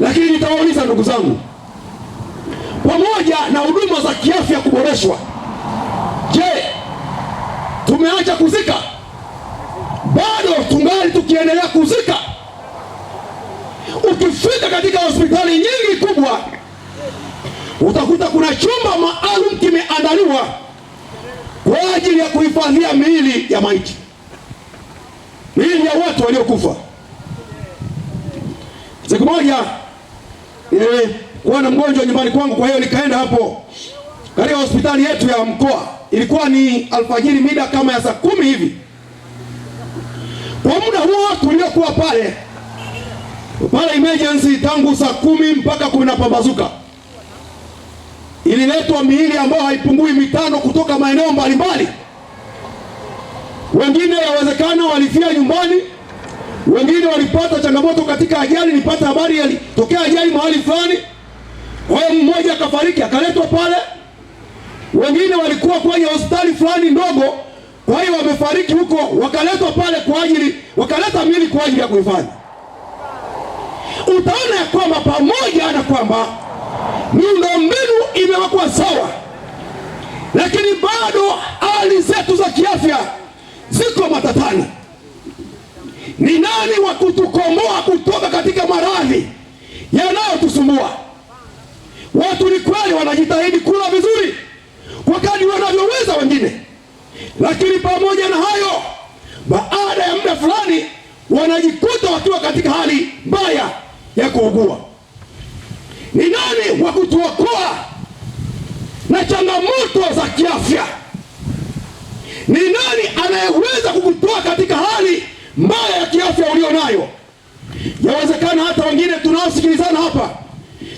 Lakini nitawauliza ndugu zangu, pamoja na huduma za kiafya kuboreshwa, je, tumeacha kuzika? Bado tungali tukiendelea kuzika. Ukifika katika hospitali nyingi kubwa, utakuta kuna chumba maalum kimeandaliwa kwa ajili ya kuhifadhia miili ya maiti, miili ya watu waliokufa. Siku moja kuwa na mgonjwa nyumbani kwangu, kwa hiyo nikaenda hapo katika hospitali yetu ya mkoa. Ilikuwa ni alfajiri mida kama ya saa kumi hivi. Kwa muda huo tuliokuwa pale pale emergency tangu saa kumi mpaka kumi na ililetwa miili ambayo haipungui mitano kutoka maeneo mbalimbali. Wengine yawezekana walifia nyumbani wengine walipata changamoto katika ajali, nipata habari yalitokea ajali mahali fulani, kwa hiyo mmoja akafariki akaletwa pale. Wengine walikuwa kwenye hospitali fulani ndogo, kwa hiyo wamefariki huko, wakaletwa pale kwa ajili, wakaleta mili kwa ajili ya kuhifadhi. Utaona ya kwamba pamoja na kwamba miundombinu imewekwa sawa, lakini bado hali zetu za kiafya ziko matatani. Ni nani wa kutukomboa kutoka katika maradhi yanayotusumbua? Watu ni kweli wanajitahidi kula vizuri kwa kadri wanavyoweza wengine, lakini pamoja na hayo, baada ya muda fulani wanajikuta wakiwa katika hali mbaya ya kuugua. Ni nani wa kutuokoa na changamoto za kiafya? Ni nani anayeweza kukutoa katika hali mbaya ya kiafya ulio nayo. Yawezekana hata wengine tunaosikilizana hapa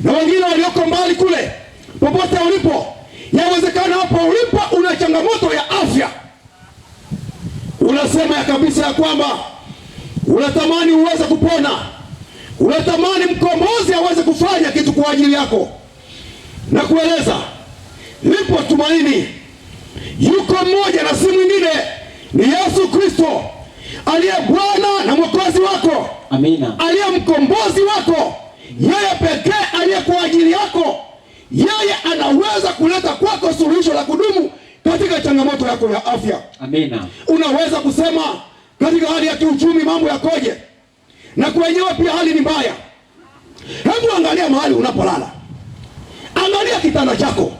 na wengine walioko mbali kule, popote ulipo, yawezekana hapo ulipo una changamoto ya afya, unasema ya kabisa ya kwamba unatamani uweze kupona, unatamani mkombozi aweze kufanya kitu kwa ajili yako, na kueleza lipo tumaini. Yuko mmoja na si mwingine, ni Yesu Kristo aliye Bwana na mwokozi wako, amina, aliye mkombozi wako, yeye pekee aliye kwa ajili yako. Yeye anaweza kuleta kwako suluhisho la kudumu katika changamoto yako ya afya, amina. Unaweza kusema katika hali ya kiuchumi mambo yakoje, na kwenyewe pia hali ni mbaya. Hebu angalia mahali unapolala, angalia kitanda chako,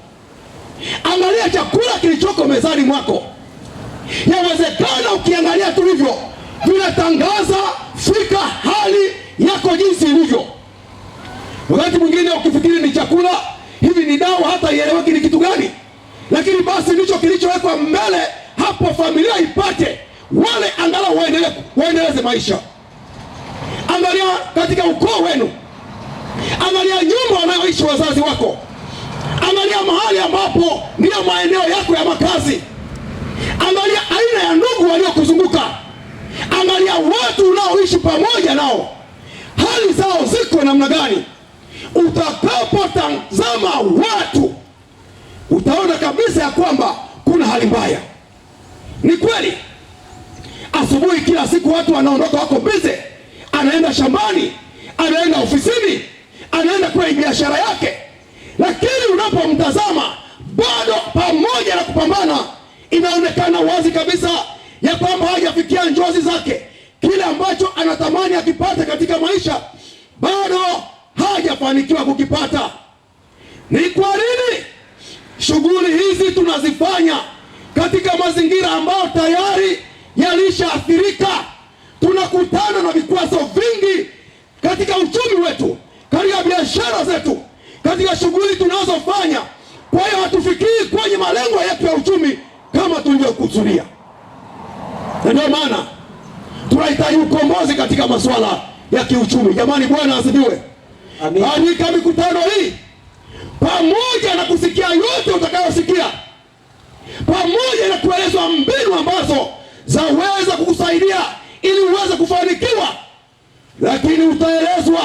angalia chakula kilichoko mezani mwako. Yawezekana ukiangalia tulivyo, vinatangaza fika hali yako jinsi ilivyo. Wakati mwingine ukifikiri ni chakula hivi ni dawa, hata ieleweki ni kitu gani, lakini basi ndicho kilichowekwa mbele hapo, familia ipate wale angalau waendeleze maisha. Angalia katika ukoo wenu, angalia nyumba wanayoishi wazazi wako, angalia mahali ambapo ndiyo maeneo yako ya makazi angalia aina ya ndugu waliokuzunguka, angalia watu unaoishi pamoja nao, hali zao ziko namna gani. Utakapotazama watu utaona kabisa ya kwamba kuna hali mbaya. Ni kweli, asubuhi kila siku watu wanaondoka, wako bize, anaenda shambani, anaenda ofisini, anaenda kwenye biashara yake, lakini unapomtazama bado pamoja na kupambana inaonekana wazi kabisa ya kwamba hajafikia njozi zake, kile ambacho anatamani akipate katika maisha bado hajafanikiwa kukipata. Ni kwa nini shughuli hizi tunazifanya katika mazingira ambayo tayari yalishaathirika? Tunakutana na vikwazo vingi katika uchumi wetu, katika biashara zetu, katika shughuli tunazofanya. Kwa hiyo hatufikii kwenye malengo yetu ya uchumi kama tulivyokusudia, na ndio maana tunahitaji ukombozi katika masuala ya kiuchumi. Jamani, Bwana asifiwe. Andika mikutano hii pamoja na kusikia yote utakayosikia, pamoja na kuelezwa mbinu ambazo zaweza kukusaidia ili uweze kufanikiwa, lakini utaelezwa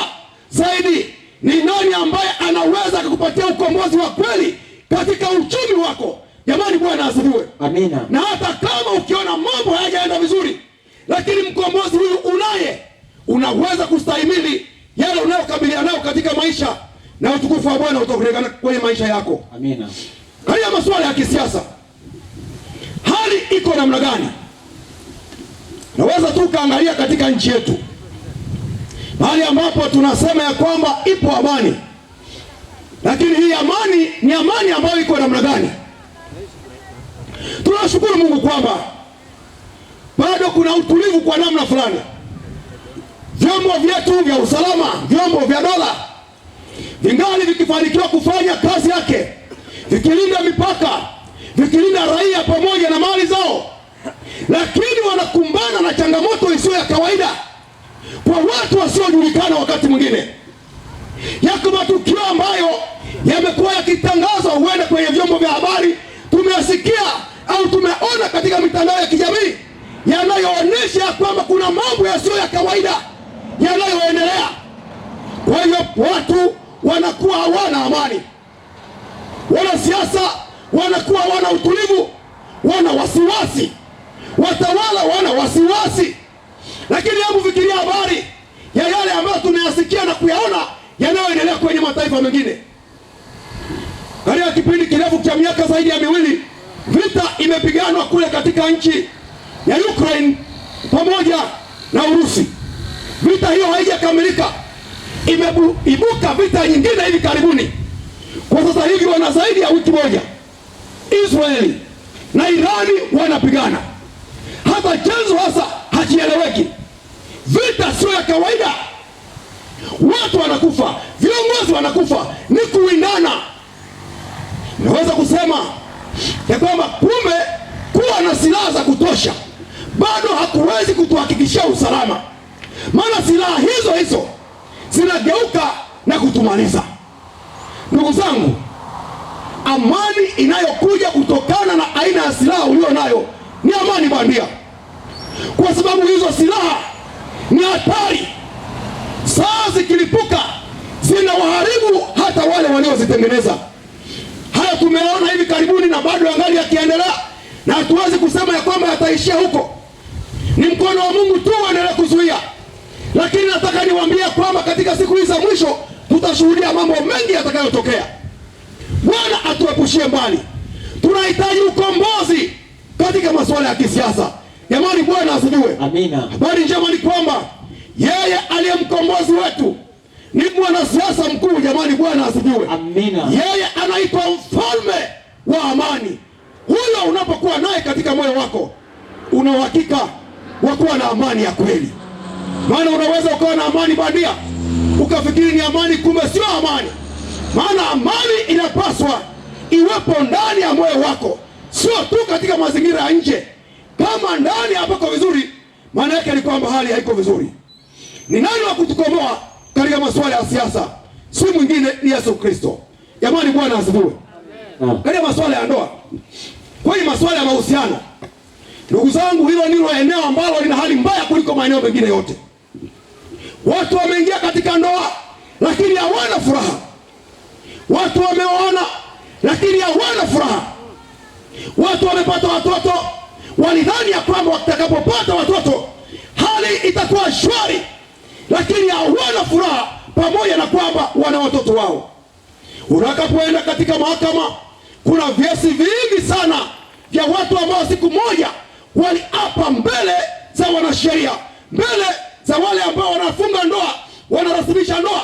zaidi ni nani ambaye anaweza kukupatia ukombozi wa kweli katika uchumi wako. Jamani, Bwana asifiwe. Amina. Na hata kama ukiona mambo hayajaenda vizuri, lakini mkombozi huyu unaye, unaweza kustahimili yale unayokabiliana nayo katika maisha, na utukufu wa Bwana utaonekana kwenye maisha yako. Amina. Katika masuala ya kisiasa, hali iko namna gani? Naweza tu kaangalia katika nchi yetu mahali ambapo tunasema ya kwamba ipo amani, lakini hii amani ni amani ambayo iko namna gani? tunashukuru Mungu kwamba bado kuna utulivu kwa namna fulani. Vyombo vyetu vya usalama, vyombo vya dola vingali vikifanikiwa kufanya kazi yake, vikilinda mipaka, vikilinda raia pamoja na mali zao, lakini wanakumbana na changamoto isiyo ya kawaida kwa watu wasiojulikana. Wakati mwingine yako matukio ambayo yamekuwa yakitangazwa, huenda kwenye vyombo vya habari tumeyasikia au tumeona katika mitandao ya kijamii yanayoonyesha kwamba kuna mambo yasiyo ya kawaida yanayoendelea. Kwa hiyo watu wanakuwa hawana amani, wanasiasa wanakuwa hawana utulivu, wana wasiwasi, watawala wana wasiwasi. Lakini hebu fikiria habari ya yale ambayo tunayasikia na kuyaona yanayoendelea kwenye mataifa mengine katika kipindi kirefu cha miaka zaidi ya miwili. Vita imepiganwa kule katika nchi ya Ukraine pamoja na Urusi. Vita hiyo haijakamilika, imeibuka vita nyingine hivi karibuni. Kwa sasa hivi wana zaidi ya wiki moja, Israeli na Irani wanapigana, hata chanzo hasa hakieleweki. Vita sio ya kawaida, watu wanakufa, viongozi wanakufa, ni kuwindana. Naweza kusema ya kwamba kumbe kuwa na silaha za kutosha bado hakuwezi kutuhakikishia usalama, maana silaha hizo hizo zinageuka na kutumaliza. Ndugu zangu, amani inayokuja kutokana na aina ya silaha ulio nayo ni amani bandia, kwa sababu hizo silaha ni hatari. Saa zikilipuka zinawaharibu hata wale waliozitengeneza ambayo tumeona hivi karibuni na bado angali yakiendelea, na hatuwezi kusema ya kwamba yataishia huko. Ni mkono wa Mungu tu uendelee kuzuia, lakini nataka niwaambie kwamba katika siku hizi za mwisho tutashuhudia mambo mengi yatakayotokea. Bwana atuepushie mbali. Tunahitaji ukombozi katika masuala ya kisiasa. Jamani, Bwana asijue Amina. Habari njema ni kwamba yeye mkombozi wetu ni mwanasiasa mkuu jamani, Bwana asijue Amina. Yeye anaitwa mfalme wa amani. Huyo unapokuwa naye katika moyo wako, una uhakika wa kuwa na amani ya kweli, maana unaweza ukawa na amani bandia ukafikiri ni amani, kumbe sio amani. Maana amani inapaswa iwepo ndani ya moyo wako, sio tu katika mazingira ya nje. Kama ndani hapako vizuri, maana yake ni kwamba hali haiko vizuri. Ni nani wa kutukomoa katika masuala ya siasa si mwingine ni Yesu Kristo. Jamani, Bwana asifiwe. Katika masuala ya ndoa, kwenye masuala ya mahusiano, ndugu zangu, hilo ndilo eneo ambalo lina hali mbaya kuliko maeneo mengine yote. Watu wameingia katika ndoa lakini hawana furaha, watu wameoana lakini hawana furaha, watu wamepata watoto walidhani ya kwamba watakapopata watoto hali itakuwa shwari lakini hawana furaha, pamoja na kwamba wana watoto wao. Unakapoenda katika mahakama, kuna vyesi vingi sana vya watu ambao siku moja waliapa mbele za wanasheria, mbele za wale ambao wanafunga ndoa, wanarasimisha ndoa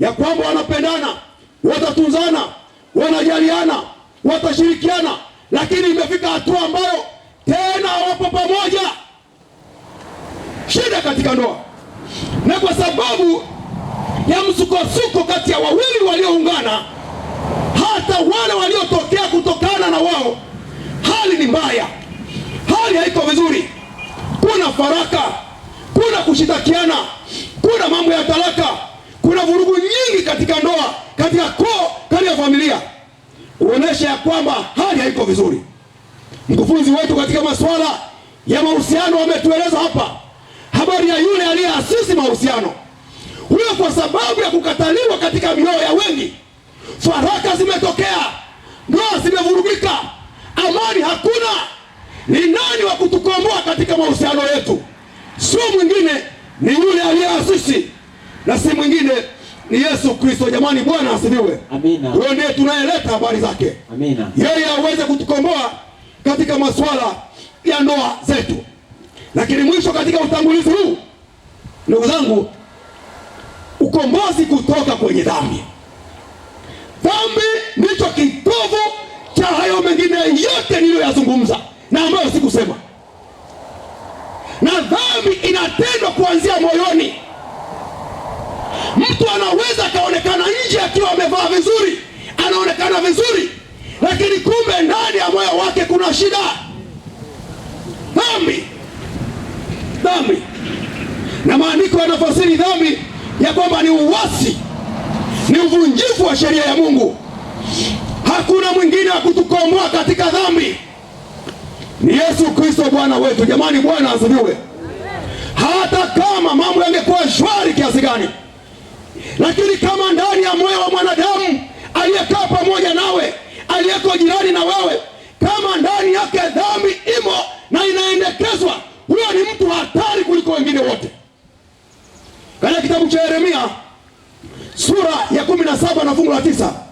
ya kwamba wanapendana, watatunzana, wanajaliana, watashirikiana, lakini imefika hatua ambayo tena wapo pamoja. Shida katika ndoa na kwa sababu ya msukosuko kati ya wawili walioungana, hata wale waliotokea kutokana na wao, hali ni mbaya, hali haiko vizuri. Kuna faraka, kuna kushitakiana, kuna mambo ya talaka, kuna vurugu nyingi katika ndoa, katika koo, katika familia, kuonesha ya kwamba hali haiko vizuri. Mkufunzi wetu katika masuala ya mahusiano ametueleza hapa habari ya yule aliyeasisi mahusiano huyo. Kwa sababu ya kukataliwa katika mioyo ya wengi, faraka zimetokea, ndoa zimevurugika, amani hakuna. Ni nani wa kutukomboa katika mahusiano yetu? Sio mwingine, ni yule aliyeasisi na si mwingine ni Yesu Kristo. Jamani, Bwana asifiwe. Amina. Huyo ndiye tunayeleta habari zake. Amina. Yeye aweze kutukomboa katika masuala ya ndoa zetu. Lakini mwisho katika utangulizi huu, ndugu zangu, ukombozi kutoka kwenye dhambi. Dhambi ndicho kitovu cha hayo mengine yote niliyoyazungumza na ambayo sikusema, na dhambi inatendwa kuanzia moyoni. Mtu anaweza akaonekana nje akiwa amevaa vizuri, anaonekana vizuri, lakini kumbe ndani ya moyo wake kuna shida. Dhambi dhambi, na maandiko yanafasiri dhambi ya kwamba ni uwasi, ni uvunjifu wa sheria ya Mungu. Hakuna mwingine wa kutukomboa katika dhambi, ni Yesu Kristo Bwana wetu. Jamani, Bwana asifiwe. Hata kama mambo yangekuwa shwari kiasi gani, lakini kama ndani ya moyo wa mwanadamu aliyekaa pamoja nawe, aliyeko jirani na wewe, kama ndani yake dhambi imo na inaendekezwa huyo ni mtu hatari kuliko wengine wote. Katika kitabu cha Yeremia sura ya kumi na saba na fungu la tisa